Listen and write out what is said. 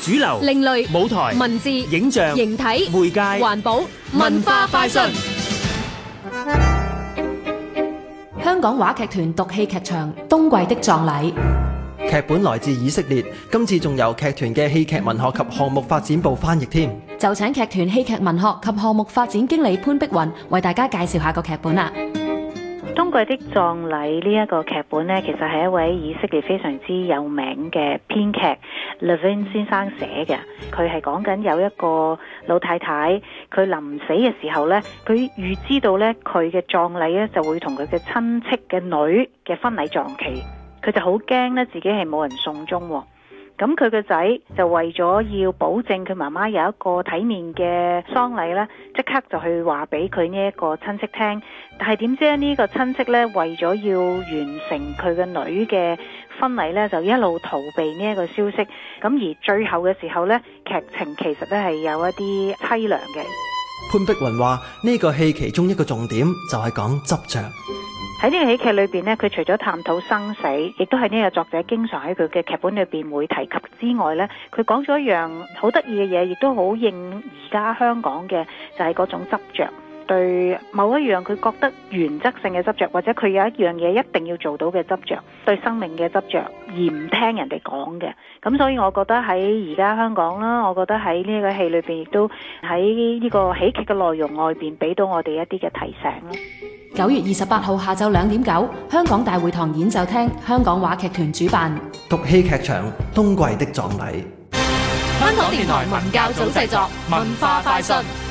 主流、另類舞台、文字、影像、形體、媒介、環保、文化、快訊。香港話劇團讀戲劇場《冬季的葬禮》劇本來自以色列，今次仲由劇團嘅戲劇文學及項目發展部翻譯添。就請劇團戲劇文學及項目發展經理潘碧雲為大家介紹下個劇本啦。《冬季的葬禮》呢、這、一個劇本呢，其實係一位以色列非常之有名嘅編劇。Levin 先生寫嘅，佢係講緊有一個老太太，佢臨死嘅時候呢，佢預知到呢，佢嘅葬禮呢就會同佢嘅親戚嘅女嘅婚禮撞期，佢就好驚呢，自己係冇人送終。咁佢個仔就為咗要保證佢媽媽有一個體面嘅喪禮呢，即刻就去話俾佢呢一個親戚聽。但係點知呢個親戚呢，為咗要完成佢嘅女嘅婚禮咧就一路逃避呢一個消息，咁而最後嘅時候呢，劇情其實咧係有一啲淒涼嘅。潘碧雲話呢個戲其中一個重點就係講執着，喺呢個喜劇裏邊呢，佢除咗探討生死，亦都係呢個作者經常喺佢嘅劇本裏邊會提及之外呢，佢講咗一樣好得意嘅嘢，亦都好應而家香港嘅，就係嗰種執着。對某一樣佢覺得原則性嘅執着，或者佢有一樣嘢，一定要做到嘅執着，對生命嘅執着，而唔聽人哋講嘅。咁所以我覺得喺而家香港啦，我覺得喺呢個戲裏邊亦都喺呢個喜劇嘅內容外邊，俾到我哋一啲嘅提醒咯。九月二十八號下晝兩點九，香港大會堂演奏廳，香港話劇團主辦，讀戲劇場冬季的葬禮。香港電台文教組製作，文化快訊。